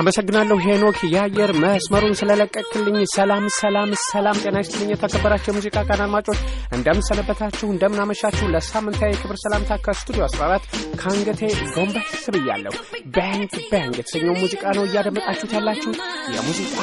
አመሰግናለሁ ሄኖክ የአየር መስመሩን ስለለቀቅልኝ። ሰላም ሰላም ሰላም፣ ጤና ይስጥልኝ የተከበራቸው የሙዚቃ ቃና አድማጮች እንደምንሰነበታችሁ፣ እንደምናመሻችሁ። ለሳምንታዊ የክብር ሰላምታ ከስቱዲዮ 14 ከአንገቴ ጎንበስ ብያለሁ። ባንግ ባንግ የተሰኘው ሙዚቃ ነው እያደመጣችሁት ያላችሁ የሙዚቃ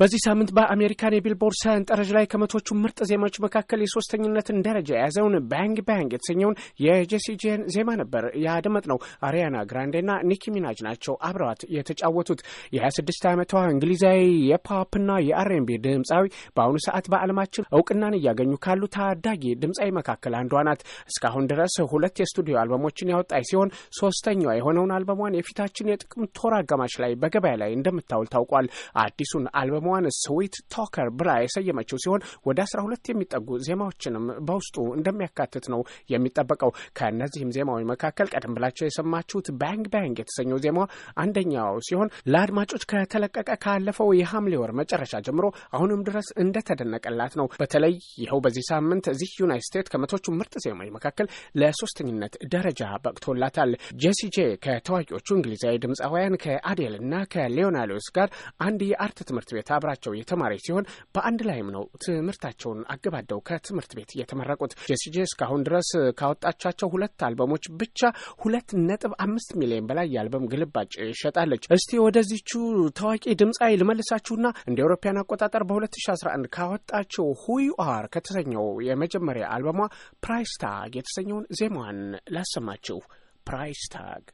በዚህ ሳምንት በአሜሪካን የቢልቦርድ ሰንጠረዥ ላይ ከመቶቹ ምርጥ ዜማዎች መካከል የሶስተኝነትን ደረጃ የያዘውን ባንግ ባንግ የተሰኘውን ጄን ዜማ ነበር ያደመጥ ነው። አሪያና ግራንዴና ኒኪ ሚናጅ ናቸው አብረዋት የተጫወቱት። የ26 ዓመቷ እንግሊዛዊ የፖፕና የአርኤንቢ ድምፃዊ በአሁኑ ሰዓት በዓለማችን እውቅናን እያገኙ ካሉ ታዳጊ ድምፃዊ መካከል አንዷ ናት። እስካሁን ድረስ ሁለት የስቱዲዮ አልበሞችን ያወጣች ሲሆን ሶስተኛዋ የሆነውን አልበሟን የፊታችን የጥቅምት ወር አጋማሽ ላይ በገበያ ላይ እንደምታውል ታውቋል። አዲሱን አልበሟ ዋን ስዊት ቶከር ብላ የሰየመችው ሲሆን ወደ አስራ ሁለት የሚጠጉ ዜማዎችንም በውስጡ እንደሚያካትት ነው የሚጠበቀው። ከእነዚህም ዜማዎች መካከል ቀደም ብላቸው የሰማችሁት ባንግ ባንግ የተሰኘው ዜማ አንደኛው ሲሆን ለአድማጮች ከተለቀቀ ካለፈው የሐምሌ ወር መጨረሻ ጀምሮ አሁንም ድረስ እንደተደነቀላት ነው። በተለይ ይኸው በዚህ ሳምንት እዚህ ዩናይት ስቴትስ ከመቶቹ ምርጥ ዜማዎች መካከል ለሶስተኝነት ደረጃ በቅቶላታል። ጄሲ ጄ ከተዋቂዎቹ እንግሊዛዊ ድምፃውያን ከአዴል እና ከሌዮና ሌዊስ ጋር አንድ የአርት ትምህርት ቤት አብራቸው የተማረች ሲሆን በአንድ ላይም ነው ትምህርታቸውን አገባደው ከትምህርት ቤት የተመረቁት። ጄሲጄ እስካሁን ድረስ ካወጣቻቸው ሁለት አልበሞች ብቻ ሁለት ነጥብ አምስት ሚሊዮን በላይ የአልበም ግልባጭ ይሸጣለች። እስቲ ወደዚቹ ታዋቂ ድምፃዊ ልመልሳችሁና እንደ አውሮፓውያን አቆጣጠር በ2011 ካወጣቸው ሁዩአር ከተሰኘው የመጀመሪያ አልበሟ ፕራይስ ታግ የተሰኘውን ዜማዋን ላሰማችሁ። ፕራይስ ታግ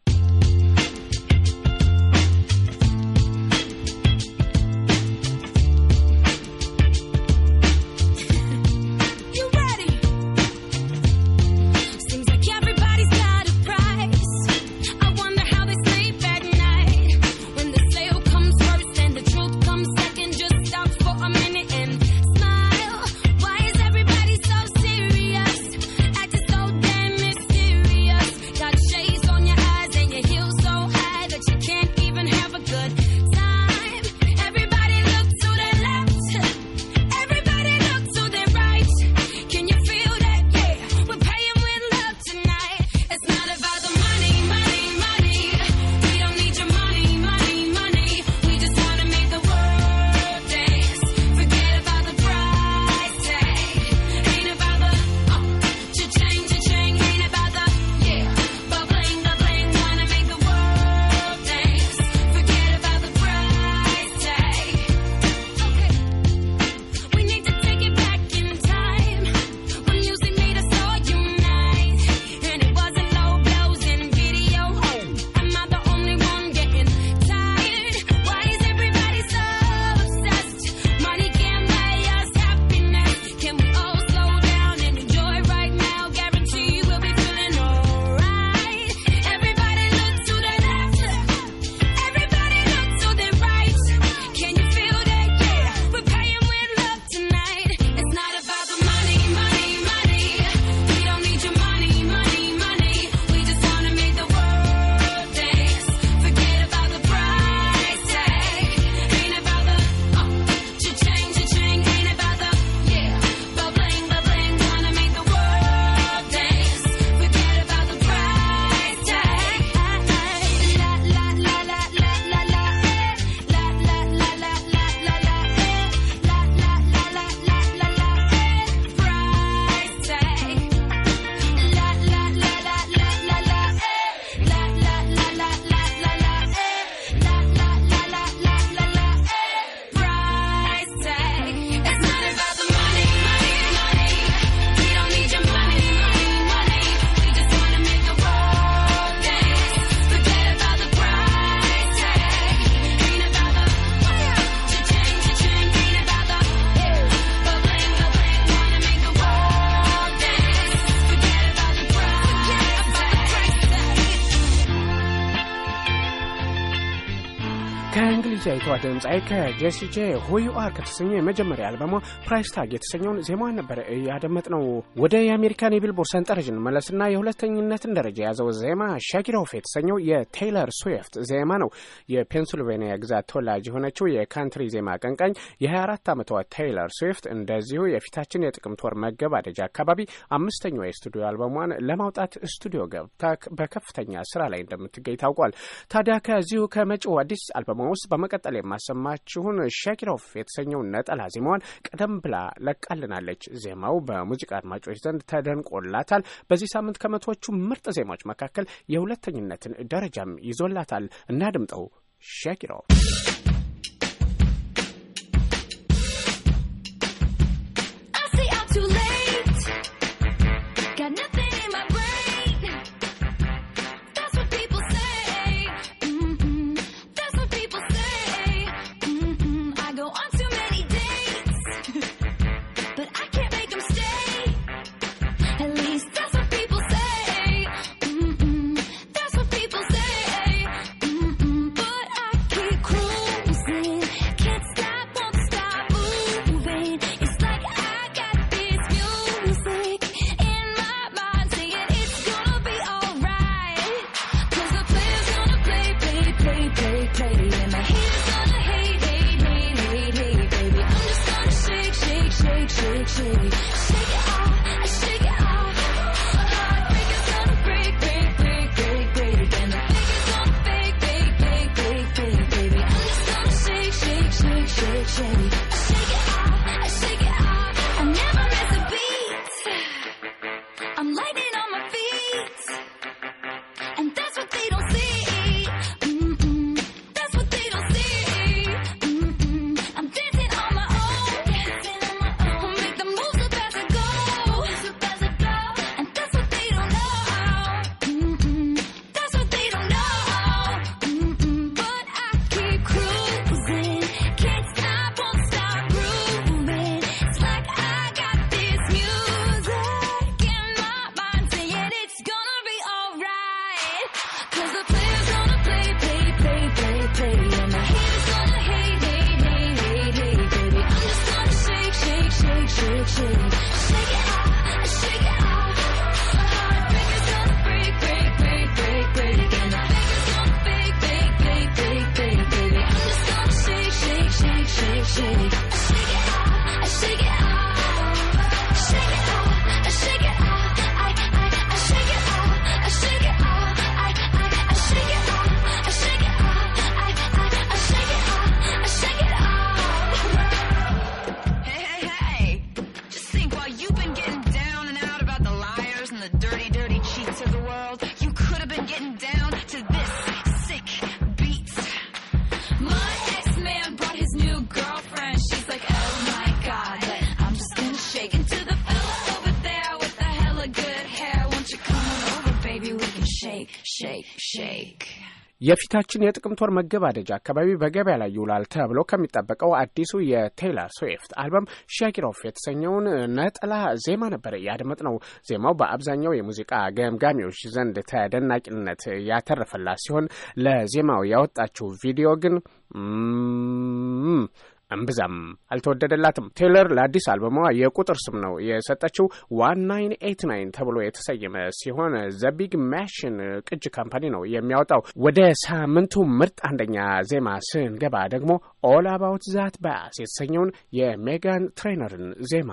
ታዋቂዋ ድምፃዊ ከጄሲጄ ሁዩ አር ከተሰኘው የመጀመሪያ አልበሟ ፕራይስ ታግ የተሰኘውን ዜማዋን ነበር ያደመጥ ነው። ወደ የአሜሪካን የቢልቦርድ ሰንጠረዥን መለስና የሁለተኝነትን ደረጃ የያዘው ዜማ ሻኪሮፍ የተሰኘው የቴይለር ስዊፍት ዜማ ነው። የፔንስልቬኒያ ግዛት ተወላጅ የሆነችው የካንትሪ ዜማ አቀንቃኝ የ24 ዓመቷ ቴይለር ስዊፍት እንደዚሁ የፊታችን የጥቅምት ወር መገባደጃ አካባቢ አምስተኛዋ የስቱዲዮ አልበሟን ለማውጣት ስቱዲዮ ገብታ በከፍተኛ ስራ ላይ እንደምትገኝ ታውቋል። ታዲያ ከዚሁ ከመጪው አዲስ አልበሟ ውስጥ በመቀጠል የማሰማችሁን ሸኪሮፍ ኦፍ የተሰኘውን ነጠላ ዜማዋን ቀደም ብላ ለቃልናለች። ዜማው በሙዚቃ አድማጮች ዘንድ ተደንቆላታል። በዚህ ሳምንት ከመቶዎቹ ምርጥ ዜማዎች መካከል የሁለተኝነትን ደረጃም ይዞላታል። እናድምጠው ሸኪሮፍ የፊታችን የጥቅምት ወር መገባደጃ አካባቢ በገበያ ላይ ይውላል ተብሎ ከሚጠበቀው አዲሱ የቴይለር ስዊፍት አልበም ሻኪሮፍ የተሰኘውን ነጠላ ዜማ ነበር ያደመጥ ነው። ዜማው በአብዛኛው የሙዚቃ ገምጋሚዎች ዘንድ ተደናቂነት ያተረፈላት ሲሆን ለዜማው ያወጣችው ቪዲዮ ግን እምብዛም አልተወደደላትም። ቴይለር ለአዲስ አልበሟ የቁጥር ስም ነው የሰጠችው። ዋን ናይን ኤይት ናይን ተብሎ የተሰየመ ሲሆን ዘቢግ ማሽን ቅጅ ካምፓኒ ነው የሚያወጣው። ወደ ሳምንቱ ምርጥ አንደኛ ዜማ ስንገባ ደግሞ ኦል አባውት ዛት ባስ የተሰኘውን የሜጋን ትሬነርን ዜማ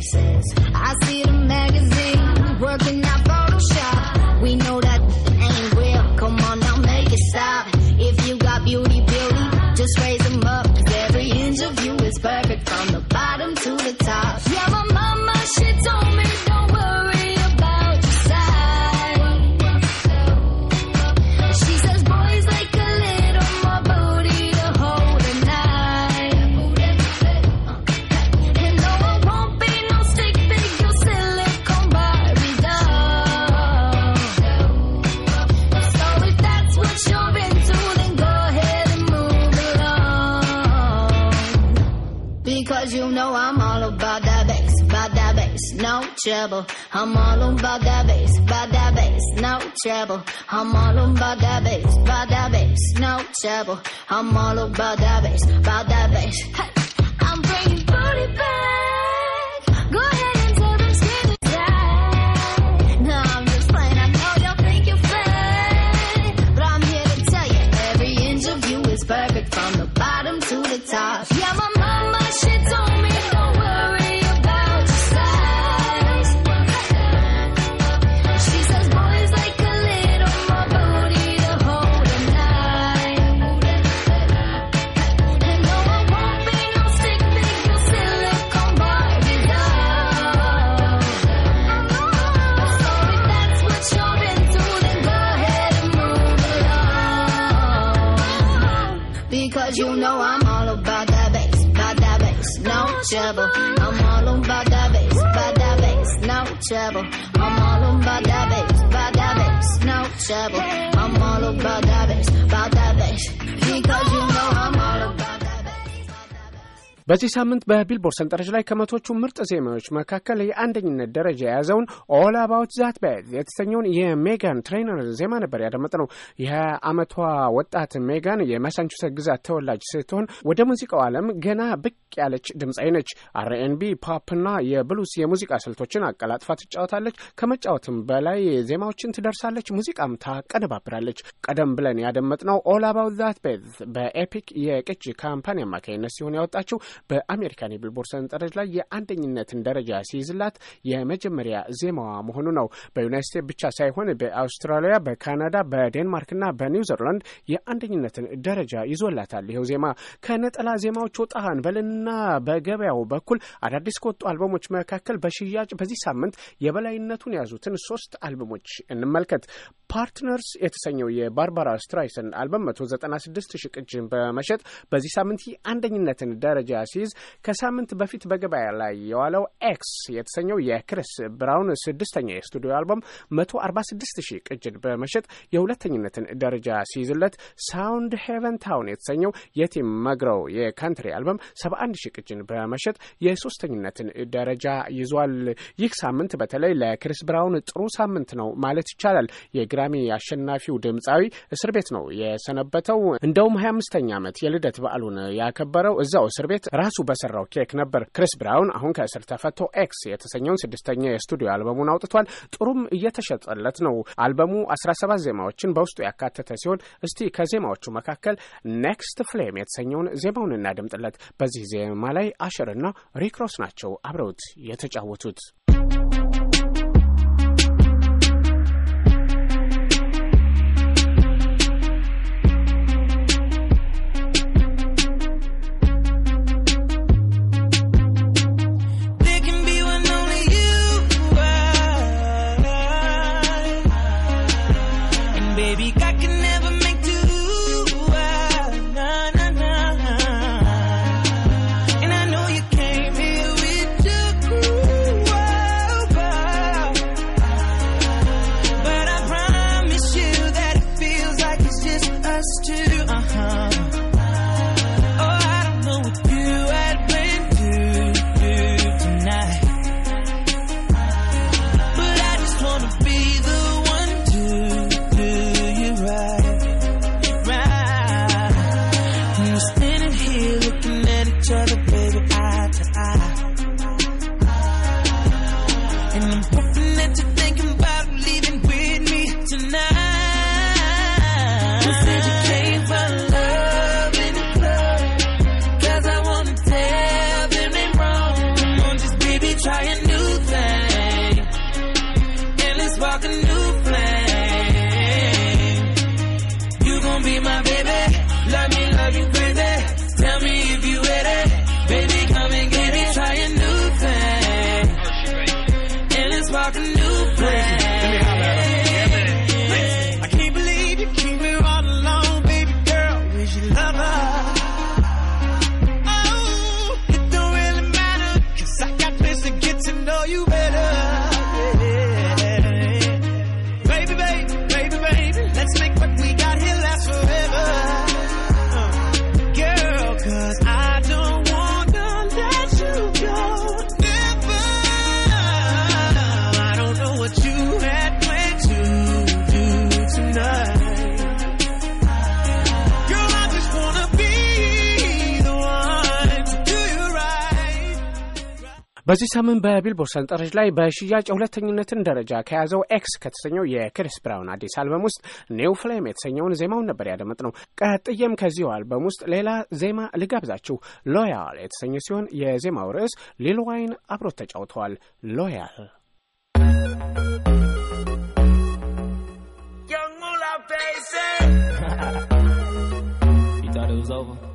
places. I'm all on by that bass, by that bass, no trouble. I'm all on by that bass, by that bass, no trouble. I'm all on by that bass, by that bass. Hey. በዚህ ሳምንት በቢልቦርድ ሰንጠረዥ ላይ ከመቶቹ ምርጥ ዜማዎች መካከል የአንደኝነት ደረጃ የያዘውን ኦል አባውት ዛት ቤል የተሰኘውን የሜጋን ትሬነር ዜማ ነበር ያደመጥነው። የአመቷ ወጣት ሜጋን የማሳቹሴት ግዛት ተወላጅ ስትሆን ወደ ሙዚቃው ዓለም ገና ብቅ ያለች ድምፃዊ ነች። አርኤንቢ፣ ፖፕና የብሉስ የሙዚቃ ስልቶችን አቀላጥፋ ትጫወታለች። ከመጫወትም በላይ ዜማዎችን ትደርሳለች፣ ሙዚቃም ታቀነባብራለች። ቀደም ብለን ያደመጥነው ኦል አባውት ዛት ቤል በኤፒክ የቅጅ ካምፓኒ አማካኝነት ሲሆን ያወጣችው በአሜሪካን የቢልቦርድ ሰንጠረዥ ላይ የአንደኝነትን ደረጃ ሲይዝላት የመጀመሪያ ዜማዋ መሆኑ ነው። በዩናይት ስቴትስ ብቻ ሳይሆን በአውስትራሊያ፣ በካናዳ፣ በዴንማርክና በኒውዚርላንድ የአንደኝነትን ደረጃ ይዞላታል። ይኸው ዜማ ከነጠላ ዜማዎች ወጣሃን በልና በገበያው በኩል አዳዲስ ከወጡ አልበሞች መካከል በሽያጭ በዚህ ሳምንት የበላይነቱን የያዙትን ሶስት አልበሞች እንመልከት። ፓርትነርስ የተሰኘው የባርባራ ስትራይሰን አልበም 196 ቅጅን በመሸጥ በዚህ ሳምንት የአንደኝነትን ደረጃ ሲይዝ ከሳምንት በፊት በገበያ ላይ የዋለው ኤክስ የተሰኘው የክሪስ ብራውን ስድስተኛ የስቱዲዮ አልበም 146 ሺህ ቅጅን በመሸጥ የሁለተኝነትን ደረጃ ሲይዝለት ሳውንድ ሄቨን ታውን የተሰኘው የቲም መግረው የካንትሪ አልበም 71 ሺህ ቅጅን በመሸጥ የሶስተኝነትን ደረጃ ይዟል። ይህ ሳምንት በተለይ ለክሪስ ብራውን ጥሩ ሳምንት ነው ማለት ይቻላል። የግራሚ አሸናፊው ድምፃዊ እስር ቤት ነው የሰነበተው። እንደውም ሀያ አምስተኛ ዓመት የልደት በዓሉን ያከበረው እዛው እስር ቤት ራሱ በሰራው ኬክ ነበር። ክሪስ ብራውን አሁን ከእስር ተፈቶ ኤክስ የተሰኘውን ስድስተኛ የስቱዲዮ አልበሙን አውጥቷል። ጥሩም እየተሸጠለት ነው። አልበሙ ሰባት ዜማዎችን በውስጡ ያካተተ ሲሆን እስቲ ከዜማዎቹ መካከል ኔክስት ፍሌም የተሰኘውን ዜማውን እናድምጥለት። በዚህ ዜማ ላይ አሸርና ሪክሮስ ናቸው አብረውት የተጫወቱት። በዚህ ሳምንት በቢልቦርድ ሰንጠረዥ ላይ በሽያጭ የሁለተኝነትን ደረጃ ከያዘው ኤክስ ከተሰኘው የክሪስ ብራውን አዲስ አልበም ውስጥ ኒው ፍሌም የተሰኘውን ዜማውን ነበር ያደመጥ ነው። ቀጥዬም ከዚሁ አልበም ውስጥ ሌላ ዜማ ልጋብዛችሁ። ሎያል የተሰኘ ሲሆን የዜማው ርዕስ ሊል ዋይን አብሮት ተጫውተዋል። ሎያል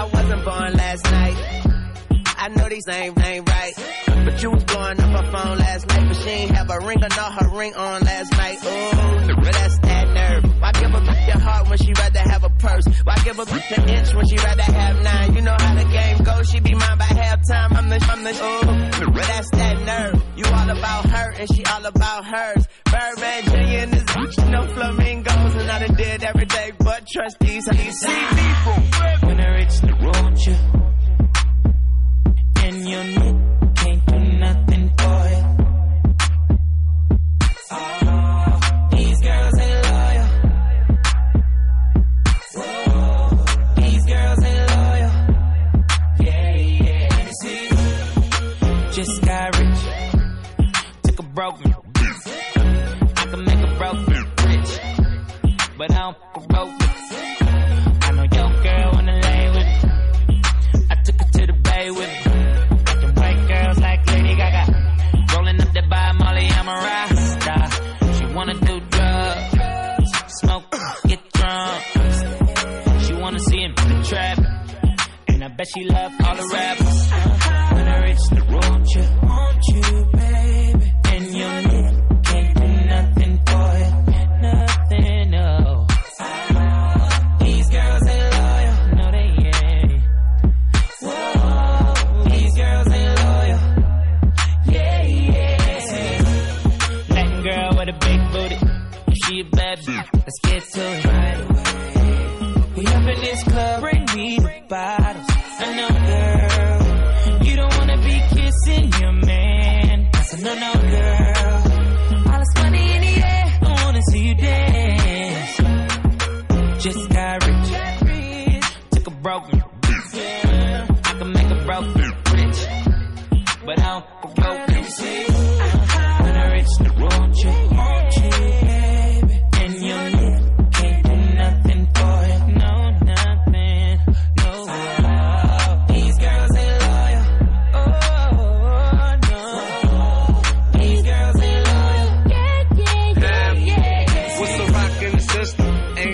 I wasn't born last night. know these names ain't right. But you was blowing up her phone last night, but she ain't have a ring or not her ring on last night. Ooh, but that's that nerve. Why give a bitch a heart when she rather have a purse? Why give a bitch an inch when she rather have nine? You know how the game goes, she be mine by halftime. I'm the, I'm the, ooh, but that's that nerve. You all about her and she all about hers. Birdman Jr. and this bitch, no flamingos, and I done did every day but trust these. You see me for real. broken. I can make a broken rich, but I don't fuck broke. I know your girl wanna lay with me. I took her to the bay with me. can white girls like Lady Gaga. Rolling up the by Molly, I'm a rasta. She wanna do drugs, smoke, get drunk. She wanna see him in the trap, and I bet she love.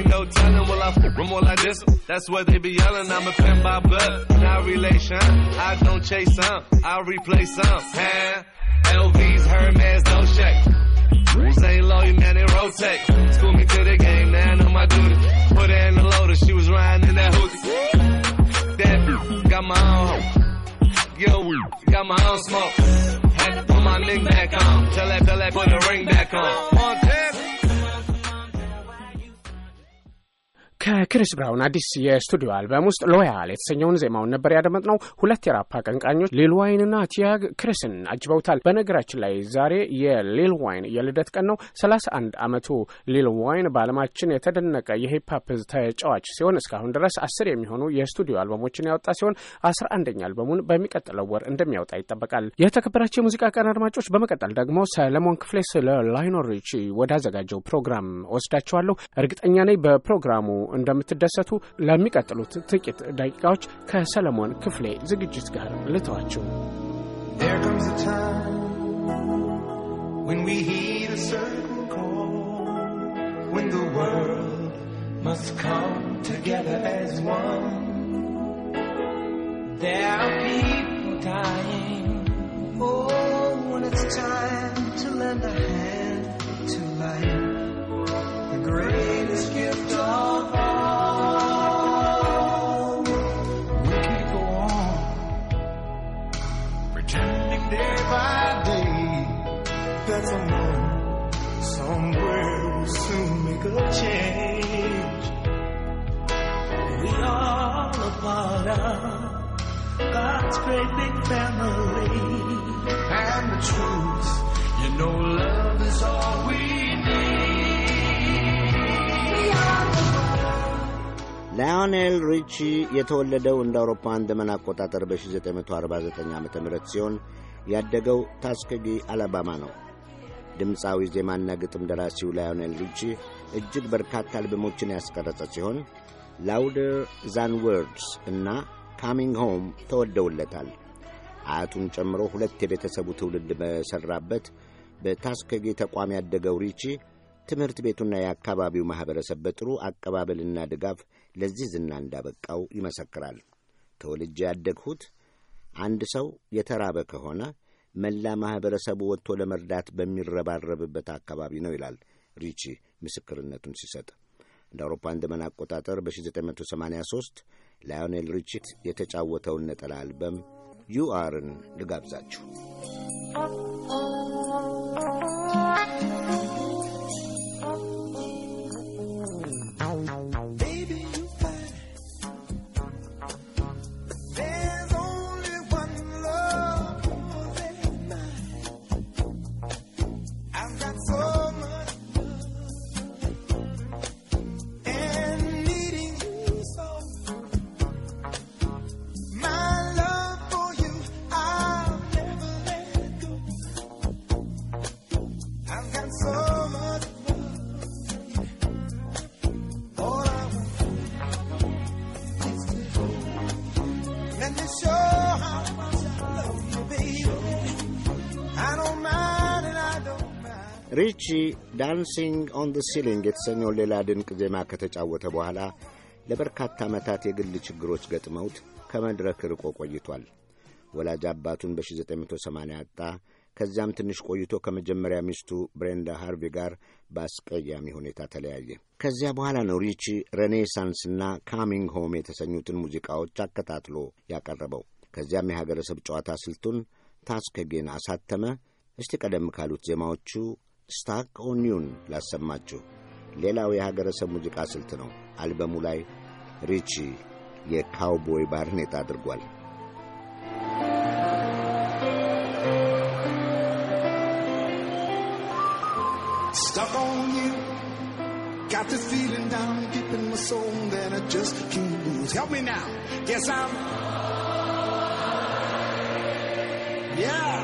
ain't no telling. Will I fuck them, will like this. That's what they be yelling. I'm a pin by blood, not relation. I don't chase some, I replace some. Man, LVs, Hermes, no shake. St. you man, they rotate. School me to the game, man. I know my duty. Put her in the loader, she was riding in that hoodie. That got my own home. Yo, got my own smoke. Had to put my knick back on. Tell that, tell that, put the ring back on. ከክሪስ ብራውን አዲስ የስቱዲዮ አልበም ውስጥ ሎያል የተሰኘውን ዜማውን ነበር ያደመጥነው። ሁለት የራፕ አቀንቃኞች ሊል ዋይንና ቲያግ ክሪስን አጅበውታል። በነገራችን ላይ ዛሬ የሊል ዋይን የልደት ቀን ነው። ሰላሳ አንድ ዓመቱ ሊል ዋይን በዓለማችን የተደነቀ የሂፕሀፕ ተጫዋች ሲሆን እስካሁን ድረስ አስር የሚሆኑ የስቱዲዮ አልበሞችን ያወጣ ሲሆን አስራ አንደኛ አልበሙን በሚቀጥለው ወር እንደሚያወጣ ይጠበቃል። የተከበራቸው የሙዚቃ ቀን አድማጮች፣ በመቀጠል ደግሞ ሰለሞን ክፍሌ ስለ ላይኖሪች ወዳዘጋጀው ፕሮግራም ወስዳቸዋለሁ። እርግጠኛ ነኝ በፕሮግራሙ እንደምትደሰቱ ለሚቀጥሉት ጥቂት ደቂቃዎች ከሰለሞን ክፍሌ ዝግጅት ጋር ልተዋችሁ። must come together as one. There are people dying. Oh, when it's time to lend a hand to life, the greatest gift. will change. We are a part of God's great big family. And the truth, you know, love is all we need. ላዮኔል ሪቺ የተወለደው እንደ አውሮፓውያን ዘመን አቆጣጠር በ1949 ዓ ም ሲሆን ያደገው ታስከጊ አላባማ ነው። ድምፃዊ ዜማና ግጥም ደራሲው ላዮኔል ሪቺ እጅግ በርካታ አልበሞችን ያስቀረጸ ሲሆን ላውደር ዛን ወርድስ እና ካሚንግ ሆም ተወደውለታል። አያቱን ጨምሮ ሁለት የቤተሰቡ ትውልድ በሠራበት በታስከጌ ተቋም ያደገው ሪቺ ትምህርት ቤቱና የአካባቢው ማኅበረሰብ በጥሩ አቀባበልና ድጋፍ ለዚህ ዝና እንዳበቃው ይመሰክራል። ተወልጄ ያደግሁት አንድ ሰው የተራበ ከሆነ መላ ማኅበረሰቡ ወጥቶ ለመርዳት በሚረባረብበት አካባቢ ነው ይላል ሪቺ ምስክርነቱን ሲሰጥ እንደ አውሮፓውያን ዘመን አቆጣጠር በ1983 ላዮኔል ሪችት የተጫወተውን ነጠላ አልበም ዩአርን ልጋብዛችሁ። Oh, ሪቺ ዳንሲንግ ኦን ዘ ሲሊንግ የተሰኘውን ሌላ ድንቅ ዜማ ከተጫወተ በኋላ ለበርካታ ዓመታት የግል ችግሮች ገጥመውት ከመድረክ ርቆ ቆይቷል። ወላጅ አባቱን በ1980 አጣ። ከዚያም ትንሽ ቆይቶ ከመጀመሪያ ሚስቱ ብሬንዳ ሃርቪ ጋር በአስቀያሚ ሁኔታ ተለያየ። ከዚያ በኋላ ነው ሪቺ ሬኔሳንስና ካሚንግ ሆም የተሰኙትን ሙዚቃዎች አከታትሎ ያቀረበው። ከዚያም የሀገረሰብ ጨዋታ ስልቱን ታስከጌን አሳተመ። እስቲ ቀደም ካሉት ዜማዎቹ ስታክ ኦኒዩን ላሰማችሁ። ሌላው የሀገረሰብ ሙዚቃ ስልት ነው። አልበሙ ላይ ሪቺ የካውቦይ ባርኔጣ አድርጓል። Stuck on you, got this feeling down, deep in my soul that I just can't lose. Help me now, guess I'm. Yeah,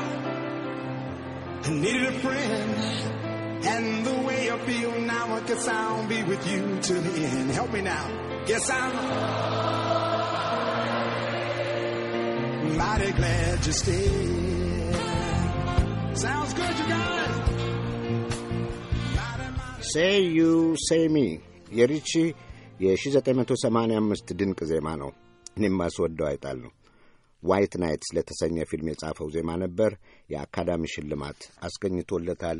I needed a friend. And the way I feel now, I guess I'll be with you to the end. Help me now. Guess I'm mighty glad you stayed. Sounds good, you guys. Say you, say me. የሪቺ የ1985 ድንቅ ዜማ ነው። እኔም ማስወደው አይጣል ነው። ዋይት ናይትስ ለተሰኘ ፊልም የጻፈው ዜማ ነበር። የአካዳሚ ሽልማት አስገኝቶለታል።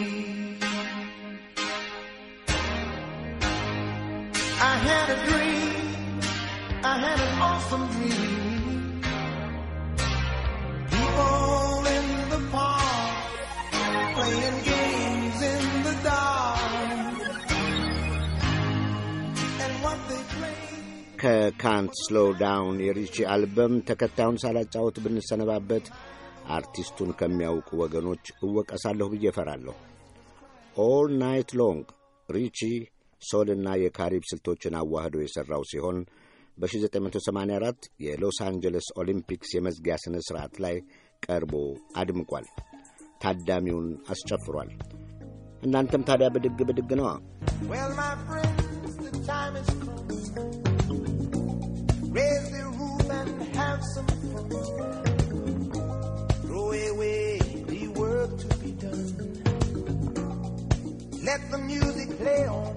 ካንት ስሎው ዳውን የሪቺ አልበም ተከታዩን ሳላጫወት ብንሰነባበት አርቲስቱን ከሚያውቁ ወገኖች እወቀሳለሁ ብዬ እፈራለሁ። ኦል ናይት ሎንግ ሪቺ ሶልና የካሪብ ስልቶችን አዋህዶ የሠራው ሲሆን በ1984 የሎስ አንጀለስ ኦሊምፒክስ የመዝጊያ ሥነ ሥርዓት ላይ ቀርቦ አድምቋል። ታዳሚውን አስጨፍሯል። እናንተም ታዲያ ብድግ ብድግ ነዋ። Raise the roof and have some fun. Throw away the work to be done. Let the music play on.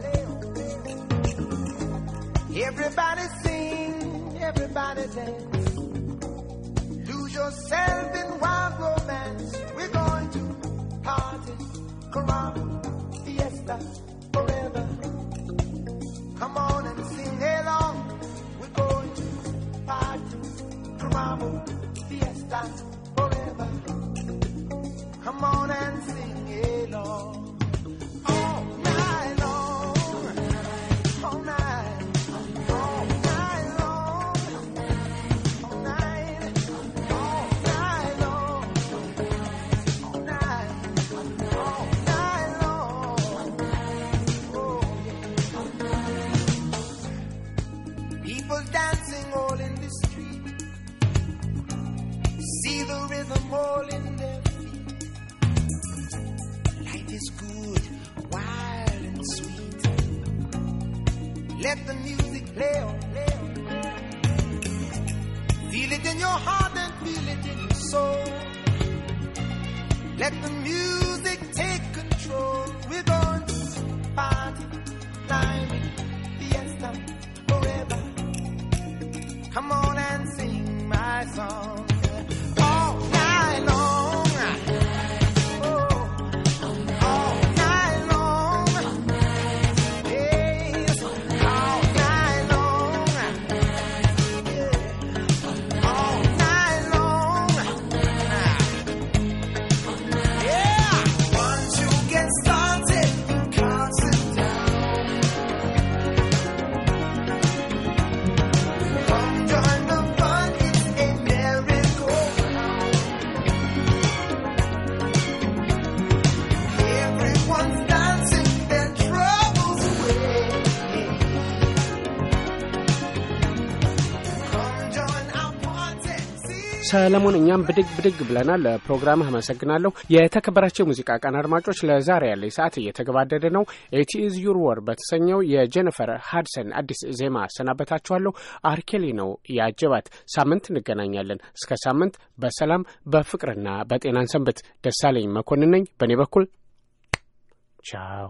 Everybody sing, everybody dance. Lose yourself in wild romance. We're going to party, caramba, fiesta. Mamamoo, fiesta forever. Come on and sing. Let the music take control. We're going to party, climbing, fiesta, forever. Come on and sing my song. ሰለሞን፣ እኛም ብድግ ብድግ ብለናል። ፕሮግራምህ አመሰግናለሁ። የተከበራቸው ሙዚቃ ቀን አድማጮች፣ ለዛሬ ያለኝ ሰዓት እየተገባደደ ነው። ኤቲኢዝ ዩር ወር በተሰኘው የጀነፈር ሃድሰን አዲስ ዜማ አሰናበታችኋለሁ። አርኬሊ ነው ያጀባት። ሳምንት እንገናኛለን። እስከ ሳምንት በሰላም በፍቅርና በጤናን ሰንብት ደሳለኝ መኮንን ነኝ። በእኔ በኩል ቻው።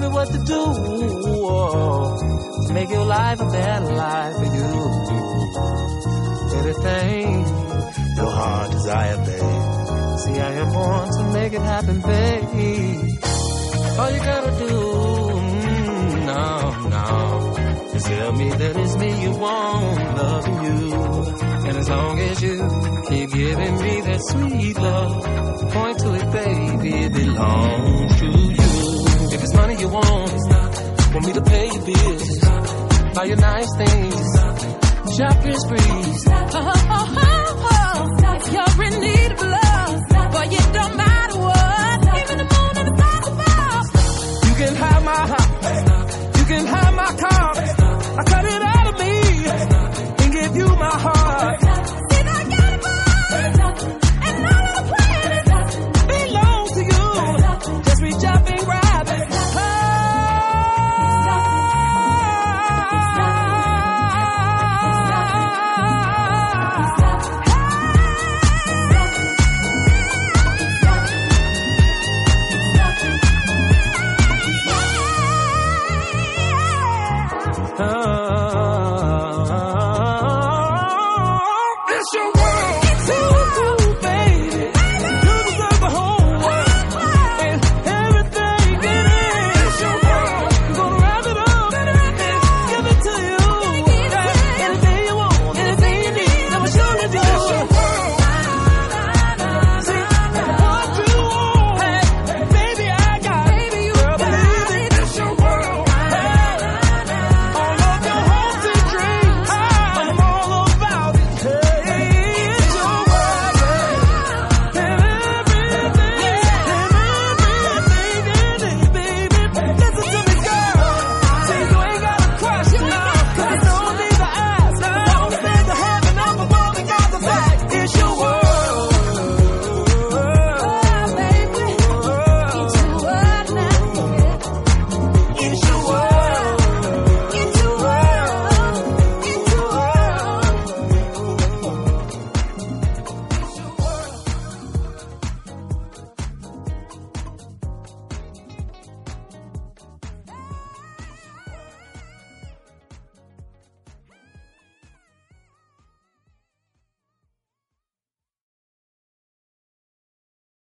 me what to do. make your life a better life for you. Anything your heart desire, babe. See, I am born to make it happen, babe. All you gotta do, mm, no, no, is tell me that it's me you want, loving you. And as long as you keep giving me that sweet love, point to it, baby, it belongs. all your nice things. Shopping breeze. Oh, oh, oh, oh, If you're in need.